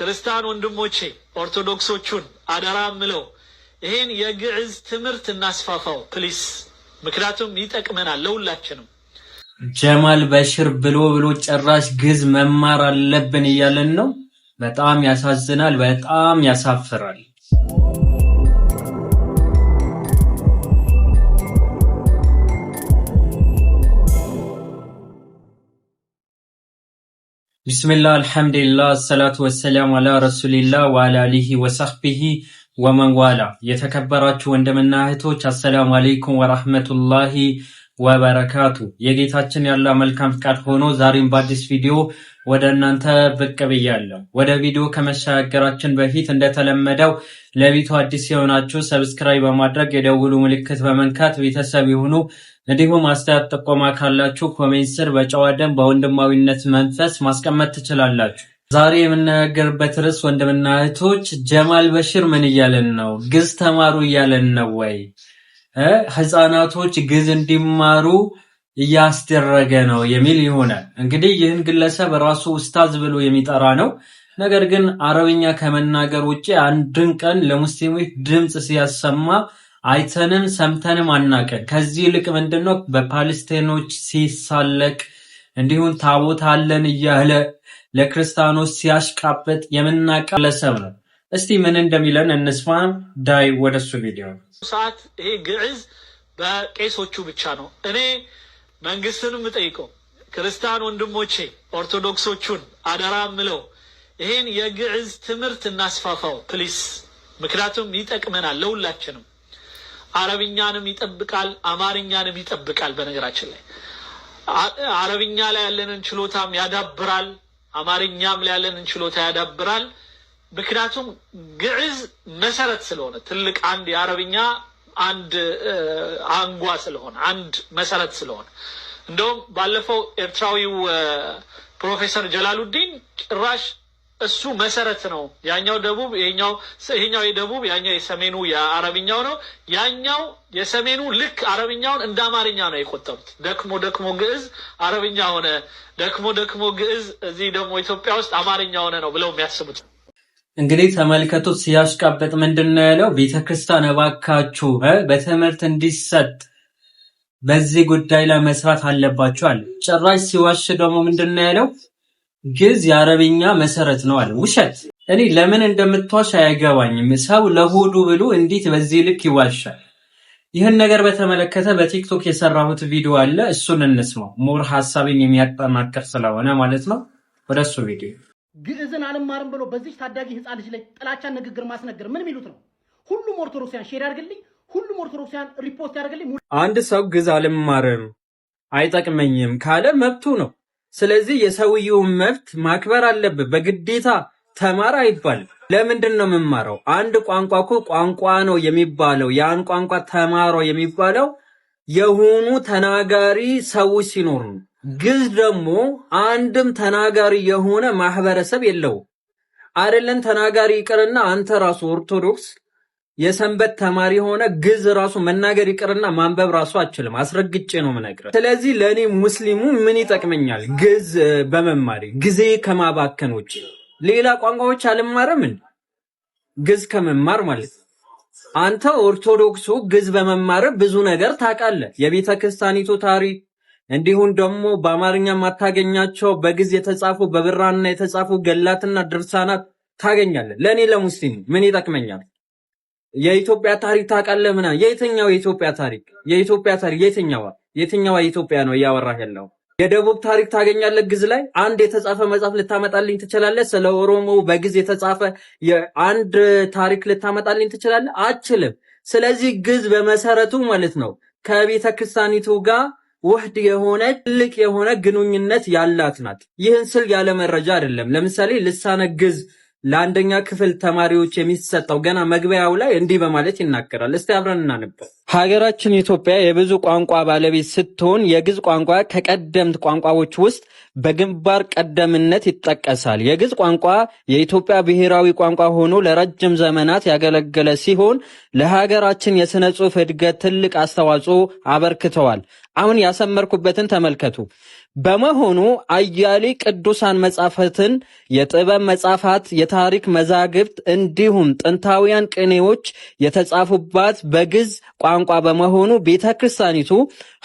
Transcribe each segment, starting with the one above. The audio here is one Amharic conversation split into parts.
ክርስቲያን ወንድሞቼ ኦርቶዶክሶቹን አደራ ምለው ይህን የግዕዝ ትምህርት እናስፋፋው ፕሊስ፣ ምክንያቱም ይጠቅመናል ለሁላችንም። ጀማል በሽር ብሎ ብሎ ጭራሽ ግዕዝ መማር አለብን እያለን ነው። በጣም ያሳዝናል። በጣም ያሳፍራል። بسم الله الحمد لله الصلاة والسلام على رسول الله وعلى آله وصحبه ومن والاه يتكبرات የተከበራችሁ ወንድምና السلام عليكم ورحمة الله ወበረካቱ የጌታችን ያለ መልካም ፍቃድ ሆኖ ዛሬም በአዲስ ቪዲዮ ወደ እናንተ ብቅ ብያለሁ። ወደ ቪዲዮ ከመሸጋገራችን በፊት እንደተለመደው ለቤቱ አዲስ የሆናችሁ ሰብስክራይብ በማድረግ የደውሉ ምልክት በመንካት ቤተሰብ የሆኑ እንዲሁም አስተያየት ጥቆማ ካላችሁ ኮሜንት ስር በጨዋ ደንብ በወንድማዊነት መንፈስ ማስቀመጥ ትችላላችሁ። ዛሬ የምነጋገርበት ርዕስ ወንድምና እህቶች ጀማል በሽር ምን እያለን ነው? ግዕዝ ተማሩ እያለን ነው ወይ? ህፃናቶች ግዕዝ እንዲማሩ እያስደረገ ነው የሚል ይሆናል። እንግዲህ ይህን ግለሰብ ራሱ ኡስታዝ ብሎ የሚጠራ ነው። ነገር ግን አረብኛ ከመናገር ውጭ አንድን ቀን ለሙስሊሞች ድምፅ ሲያሰማ አይተንም ሰምተንም አናቀን። ከዚህ ይልቅ ምንድነው በፓለስቲኖች ሲሳለቅ እንዲሁም ታቦት አለን እያለ ለክርስቲያኖች ሲያሽቃበጥ የምናቀ ግለሰብ ነው። እስቲ ምን እንደሚለን እንስማ። ዳይ ወደሱ ቪዲዮ ሰዓት ይሄ ግዕዝ በቄሶቹ ብቻ ነው። እኔ መንግስትን የምጠይቀው ክርስቲያን ወንድሞቼ ኦርቶዶክሶቹን አደራ ምለው ይሄን የግዕዝ ትምህርት እናስፋፋው ፕሊስ። ምክንያቱም ይጠቅመናል ለሁላችንም። አረብኛንም ይጠብቃል፣ አማርኛንም ይጠብቃል። በነገራችን ላይ አረብኛ ላይ ያለንን ችሎታም ያዳብራል፣ አማርኛም ላይ ያለንን ችሎታ ያዳብራል። ምክንያቱም ግዕዝ መሰረት ስለሆነ ትልቅ አንድ የአረብኛ አንድ አንጓ ስለሆነ አንድ መሰረት ስለሆነ እንደውም ባለፈው ኤርትራዊው ፕሮፌሰር ጀላሉዲን ጭራሽ እሱ መሰረት ነው። ያኛው ደቡብ ይሄኛው የደቡብ ያኛው የሰሜኑ የአረብኛው ነው። ያኛው የሰሜኑ ልክ አረብኛውን እንደ አማርኛ ነው የቆጠሩት። ደክሞ ደክሞ ግዕዝ አረብኛ ሆነ፣ ደክሞ ደክሞ ግዕዝ እዚህ ደግሞ ኢትዮጵያ ውስጥ አማርኛ ሆነ ነው ብለው የሚያስቡት። እንግዲህ ተመልከቱት ሲያሽቃበጥ ምንድን ነው ያለው? ቤተክርስቲያን እባካችሁ በትምህርት እንዲሰጥ በዚህ ጉዳይ ላይ መስራት አለባችሁ አለ። ጭራሽ ሲዋሽ ደግሞ ምንድን ነው ያለው? ግዕዝ የአረብኛ መሰረት ነው አለ። ውሸት። እኔ ለምን እንደምትዋሽ አያገባኝም። ሰው ለሆዱ ብሎ እንዴት በዚህ ልክ ይዋሻል? ይህን ነገር በተመለከተ በቲክቶክ የሰራሁት ቪዲዮ አለ። እሱን እንስማው። ሞር ሀሳብን የሚያጠናክር ስለሆነ ማለት ነው። ወደ እሱ ቪዲዮ ግዕዝን አልማርም ብሎ በዚች ታዳጊ ህፃን ልጅ ላይ ጥላቻን ንግግር ማስነገር ምን የሚሉት ነው? ሁሉም ኦርቶዶክሲያን ሼድ ያደርግልኝ፣ ሁሉም ኦርቶዶክሲያን ሪፖርት ያደርግልኝ። አንድ ሰው ግዕዝ አልማርም አይጠቅመኝም ካለ መብቱ ነው። ስለዚህ የሰውየውን መብት ማክበር አለብህ። በግዴታ ተማር አይባል። ለምንድን ነው የምማረው? አንድ ቋንቋ እኮ ቋንቋ ነው የሚባለው። ያን ቋንቋ ተማረው የሚባለው የሆኑ ተናጋሪ ሰዎች ሲኖሩ ነው። ግዕዝ ደግሞ አንድም ተናጋሪ የሆነ ማህበረሰብ የለው አይደለም ተናጋሪ ይቅርና አንተ ራሱ ኦርቶዶክስ የሰንበት ተማሪ የሆነ ግዕዝ ራሱ መናገር ይቅርና ማንበብ ራሱ አችልም። አስረግጬ ነው የምነግርህ። ስለዚህ ለእኔ ሙስሊሙ ምን ይጠቅመኛል? ግዕዝ በመማሪ ጊዜ ከማባከን ውጭ ሌላ ቋንቋዎች አልማረምን ግዕዝ ከመማር ማለት ነው። አንተ ኦርቶዶክሱ ግዕዝ በመማር ብዙ ነገር ታውቃለህ። የቤተ ክርስቲያኒቱ ታሪክ እንዲሁም ደግሞ በአማርኛ ማታገኛቸው በግዕዝ የተጻፉ በብራና የተጻፉ ገላትና ድርሳናት ታገኛለህ። ለእኔ ለሙስሊም ምን ይጠቅመኛል? የኢትዮጵያ ታሪክ ታውቃለህ? ምና የትኛው የኢትዮጵያ ታሪክ የኢትዮጵያ ታሪክ የትኛዋ የትኛዋ ኢትዮጵያ ነው እያወራህ ያለው? የደቡብ ታሪክ ታገኛለህ ግዕዝ ላይ አንድ የተጻፈ መጽሐፍ ልታመጣልኝ ትችላለህ? ስለ ኦሮሞ በግዕዝ የተጻፈ አንድ ታሪክ ልታመጣልኝ ትችላለህ? አችልም። ስለዚህ ግዕዝ በመሰረቱ ማለት ነው ከቤተ ክርስቲያኒቱ ጋር ውህድ የሆነ ትልቅ የሆነ ግንኙነት ያላት ናት። ይህን ስል ያለ መረጃ አይደለም። ለምሳሌ ልሳነ ግዕዝ ለአንደኛ ክፍል ተማሪዎች የሚሰጠው ገና መግቢያው ላይ እንዲህ በማለት ይናገራል። እስቲ አብረን እናንብብ። ሀገራችን ኢትዮጵያ የብዙ ቋንቋ ባለቤት ስትሆን የግዕዝ ቋንቋ ከቀደምት ቋንቋዎች ውስጥ በግንባር ቀደምነት ይጠቀሳል። የግዕዝ ቋንቋ የኢትዮጵያ ብሔራዊ ቋንቋ ሆኖ ለረጅም ዘመናት ያገለገለ ሲሆን ለሀገራችን የሥነ ጽሑፍ እድገት ትልቅ አስተዋጽኦ አበርክተዋል። አሁን ያሰመርኩበትን ተመልከቱ። በመሆኑ አያሌ ቅዱሳን መጻሕፍትን፣ የጥበብ መጻሕፍት፣ የታሪክ መዛግብት እንዲሁም ጥንታውያን ቅኔዎች የተጻፉባት በግዕዝ ቋንቋ በመሆኑ ቤተ ክርስቲያኒቱ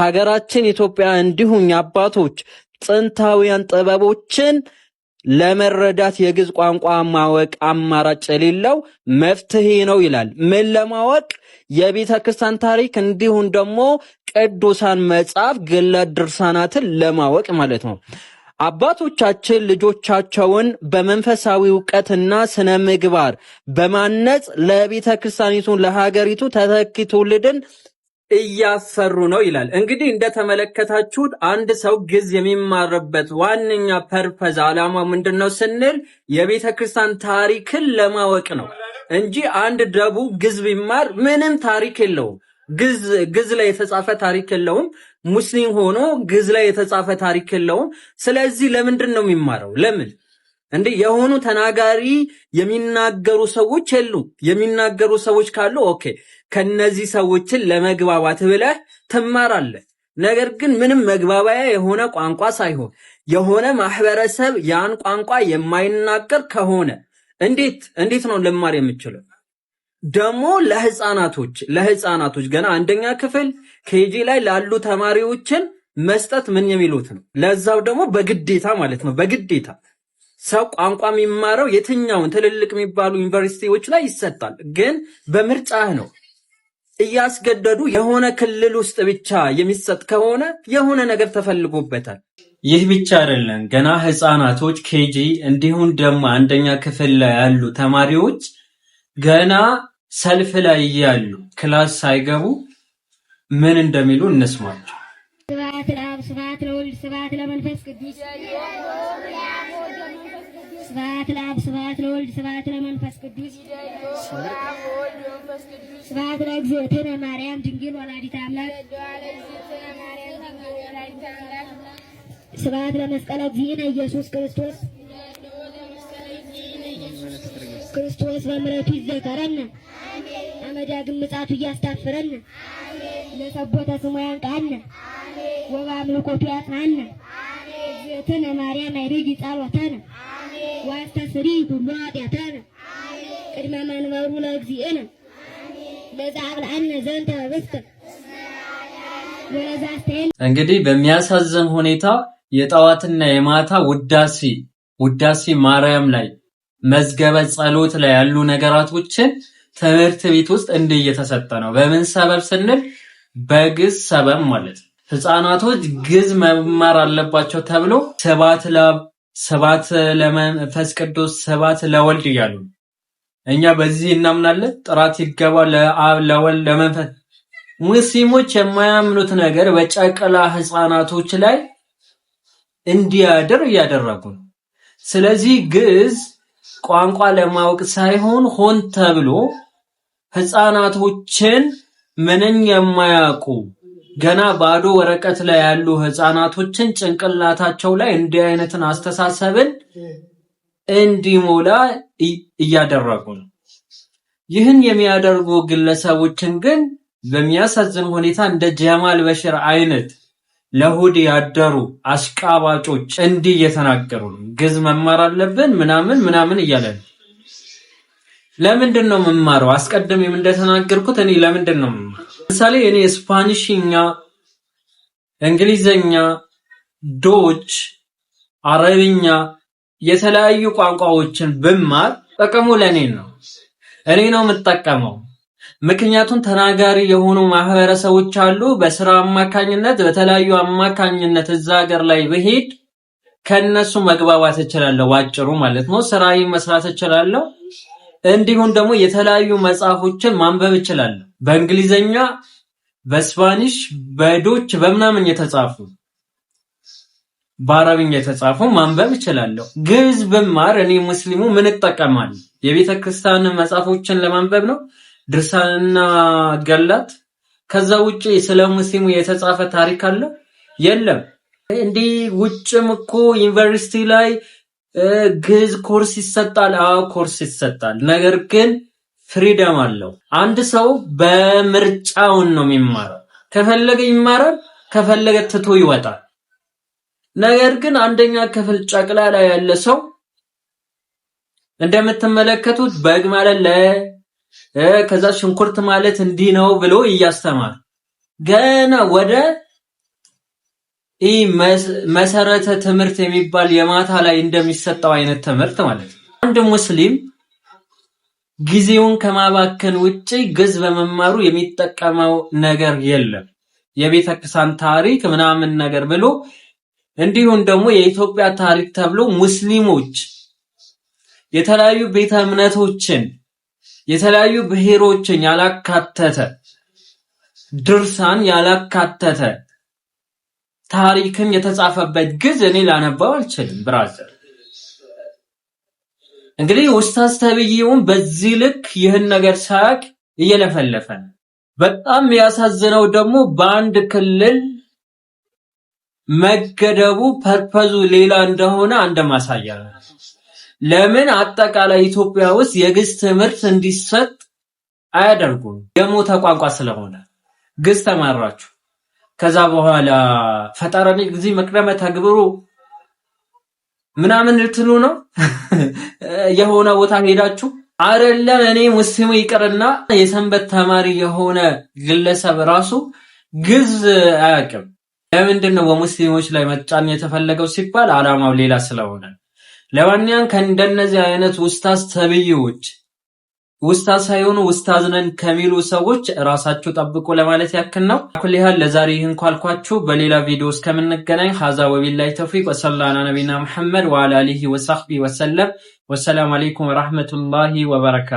ሀገራችን ኢትዮጵያ እንዲሁም የአባቶች ጥንታውያን ጥበቦችን ለመረዳት የግዕዝ ቋንቋ ማወቅ አማራጭ የሌለው መፍትሄ ነው ይላል። ምን ለማወቅ የቤተ ክርስቲያን ታሪክ እንዲሁም ደግሞ ቅዱሳን መጽሐፍ ግለ ድርሳናትን ለማወቅ ማለት ነው። አባቶቻችን ልጆቻቸውን በመንፈሳዊ እውቀትና ስነ ምግባር በማነጽ ለቤተ ክርስቲያኒቱ ለሀገሪቱ ተተኪ ትውልድን እያሰሩ ነው ይላል። እንግዲህ እንደተመለከታችሁት አንድ ሰው ግዕዝ የሚማርበት ዋነኛ ፐርፐዝ ዓላማ ምንድን ነው ስንል የቤተ ክርስቲያን ታሪክን ለማወቅ ነው እንጂ አንድ ደቡብ ግዕዝ ቢማር ምንም ታሪክ የለውም። ግዕዝ ላይ የተጻፈ ታሪክ የለውም። ሙስሊም ሆኖ ግዕዝ ላይ የተጻፈ ታሪክ የለውም። ስለዚህ ለምንድን ነው የሚማረው? ለምን እንዴ የሆኑ ተናጋሪ የሚናገሩ ሰዎች የሉ? የሚናገሩ ሰዎች ካሉ ኦኬ ከነዚህ ሰዎችን ለመግባባት ብለህ ትማራለህ። ነገር ግን ምንም መግባባያ የሆነ ቋንቋ ሳይሆን የሆነ ማህበረሰብ ያን ቋንቋ የማይናገር ከሆነ እንዴት እንዴት ነው ልማር የምችለው? ደግሞ ለህፃናቶች ለህፃናቶች ገና አንደኛ ክፍል ኬጂ ላይ ላሉ ተማሪዎችን መስጠት ምን የሚሉት ነው። ለዛው ደግሞ በግዴታ ማለት ነው። በግዴታ ሰው ቋንቋ የሚማረው የትኛውን ትልልቅ የሚባሉ ዩኒቨርሲቲዎች ላይ ይሰጣል፣ ግን በምርጫህ ነው። እያስገደዱ የሆነ ክልል ውስጥ ብቻ የሚሰጥ ከሆነ የሆነ ነገር ተፈልጎበታል። ይህ ብቻ አይደለም። ገና ህፃናቶች ኬጂ፣ እንዲሁም ደግሞ አንደኛ ክፍል ላይ ያሉ ተማሪዎች ገና ሰልፍ ላይ እያሉ ክላስ ሳይገቡ ምን እንደሚሉ እንስማቸው። ስብሐት ለአብ፣ ስብሐት ለወልድ፣ ስብሐት ለመንፈስ ቅዱስ፣ ስብሐት ለአብ፣ ስብሐት ለወልድ፣ ስብሐት ለመንፈስ ቅዱስ ስብሐት ለእግዝእትነ ማርያም ድንግል ወላዲተ አምላክ ስብሐት ለመስቀለ እግዚእነ ኢየሱስ ክርስቶስ ክርስቶስ በምሕረቱ ይዘከረን አመዳግም ምጻቱ እያስታፍረን ለሰቦተ ስሙ ያንቃን ወበአምልኮቱ ያጽናን እግዝእትነ ማርያም አይቤጊ ጸሎተነ ዋስተስሪ ሁሉ ኃጢአተነ ቅድመ መንበሩ ለእግዚእነ እንግዲህ በሚያሳዝን ሁኔታ የጠዋትና የማታ ውዳሴ ውዳሴ ማርያም ላይ መዝገበ ጸሎት ላይ ያሉ ነገራቶችን ትምህርት ቤት ውስጥ እንዲህ እየተሰጠ ነው። በምን ሰበብ ስንል በግዝ ሰበብ ማለት ነው። ህፃናቶች ግዝ መማር አለባቸው ተብሎ ስብሐት ለአብ፣ ለመንፈስ ቅዱስ፣ ስባት ለወልድ እያሉ እኛ በዚህ እናምናለን። ጥራት ይገባ ለአብ ለወልድ ለመንፈስ። ሙስሊሞች የማያምኑት ነገር በጨቅላ ህፃናቶች ላይ እንዲያድር እያደረጉ ነው። ስለዚህ ግዕዝ ቋንቋ ለማወቅ ሳይሆን ሆን ተብሎ ህፃናቶችን ምንን የማያውቁ ገና ባዶ ወረቀት ላይ ያሉ ህፃናቶችን ጭንቅላታቸው ላይ እንዲህ አይነትን አስተሳሰብን እንዲሞላ እያደረጉ ነው። ይህን የሚያደርጉ ግለሰቦችን ግን በሚያሳዝን ሁኔታ እንደ ጀማል በሽር አይነት ለሁድ ያደሩ አሽቃባጮች እንዲህ እየተናገሩ ነው። ግዝ መማር አለብን ምናምን ምናምን እያለ ነው። ለምንድን ነው የምማረው? አስቀድሜም እንደተናገርኩት እኔ ለምንድን ነው የምማረው? ለምሳሌ እኔ ስፓኒሽኛ፣ እንግሊዘኛ፣ ዶች፣ አረብኛ የተለያዩ ቋንቋዎችን ብማር ጥቅሙ ለእኔ ነው። እኔ ነው የምጠቀመው። ምክንያቱም ተናጋሪ የሆኑ ማህበረሰቦች አሉ። በስራ አማካኝነት፣ በተለያዩ አማካኝነት እዛ ሀገር ላይ ብሄድ ከነሱ መግባባት እችላለሁ። ባጭሩ ማለት ነው። ስራዬ መስራት እችላለሁ። እንዲሁም ደግሞ የተለያዩ መጽሐፎችን ማንበብ እችላለሁ። በእንግሊዘኛ፣ በስፓኒሽ፣ በዶች በምናምን የተጻፉት በአረብኛ የተጻፈው ማንበብ እችላለሁ። ግዕዝ ብማር እኔ ሙስሊሙ ምን እጠቀማለሁ? የቤተ ክርስቲያን መጽሐፎችን ለማንበብ ነው፣ ድርሳንና ገላት። ከዛ ውጪ ስለ ሙስሊሙ የተጻፈ ታሪክ አለ? የለም። እንዲህ ውጭም እኮ ዩኒቨርሲቲ ላይ ግዕዝ ኮርስ ይሰጣል። አዎ ኮርስ ይሰጣል፣ ነገር ግን ፍሪደም አለው። አንድ ሰው በምርጫውን ነው የሚማረው። ከፈለገ ይማራል፣ ከፈለገ ትቶ ይወጣል። ነገር ግን አንደኛ ክፍል ጨቅላላ ላይ ያለ ሰው እንደምትመለከቱት በግ ማለት ለ ከዛ ሽንኩርት ማለት እንዲህ ነው ብሎ እያስተማር ገና ወደ ይህ መሰረተ ትምህርት የሚባል የማታ ላይ እንደሚሰጠው አይነት ትምህርት ማለት ነው። አንድ ሙስሊም ጊዜውን ከማባከን ውጪ ግዝ በመማሩ የሚጠቀመው ነገር የለም። የቤተክርስቲያን ታሪክ ምናምን ነገር ብሎ እንዲሁም ደግሞ የኢትዮጵያ ታሪክ ተብሎ ሙስሊሞች የተለያዩ ቤተ እምነቶችን የተለያዩ ብሔሮችን ያላካተተ ድርሳን ያላካተተ ታሪክን የተጻፈበት ግዝ እኔ ላነባው አልችልም። ብራዘር እንግዲህ ኡስታዝ ተብዬውን በዚህ ልክ ይህን ነገር ሳያቅ እየለፈለፈ ነው። በጣም ያሳዝነው ደግሞ በአንድ ክልል መገደቡ ፐርፐዙ ሌላ እንደሆነ አንድ ማሳያ ነው። ለምን አጠቃላይ ኢትዮጵያ ውስጥ የግዕዝ ትምህርት እንዲሰጥ አያደርጉም? የሞተ ቋንቋ ስለሆነ ግዕዝ ተማራችሁ፣ ከዛ በኋላ ፈጠረኒ እግዚእ መቅደመ ተግብሩ ምናምን ልትሉ ነው። የሆነ ቦታ ሄዳችሁ አይደለም እኔ ሙስሊሙ ይቅርና የሰንበት ተማሪ የሆነ ግለሰብ ራሱ ግዕዝ አያውቅም። ለምንድን ነው በሙስሊሞች ላይ መጫን የተፈለገው ሲባል አላማው ሌላ ስለሆነ ለማንኛውም ከእንደነዚህ አይነት ኡስታዝ ተብዬዎች ኡስታዝ ሳይሆኑ ውስታዝ ነን ከሚሉ ሰዎች ራሳችሁ ጠብቁ ለማለት ያክል ነው። ኩል ያህል ለዛሬ ይህን ኳልኳችሁ። በሌላ ቪዲዮ እስከምንገናኝ ሀዛ ወቢላሂ ተውፊቅ ወሰላና ነቢና መሐመድ ወአላ አሊሂ ወሳህቢ ወሰለም። ወሰላም አለይኩም ወረሕመቱላሂ ወበረካቱ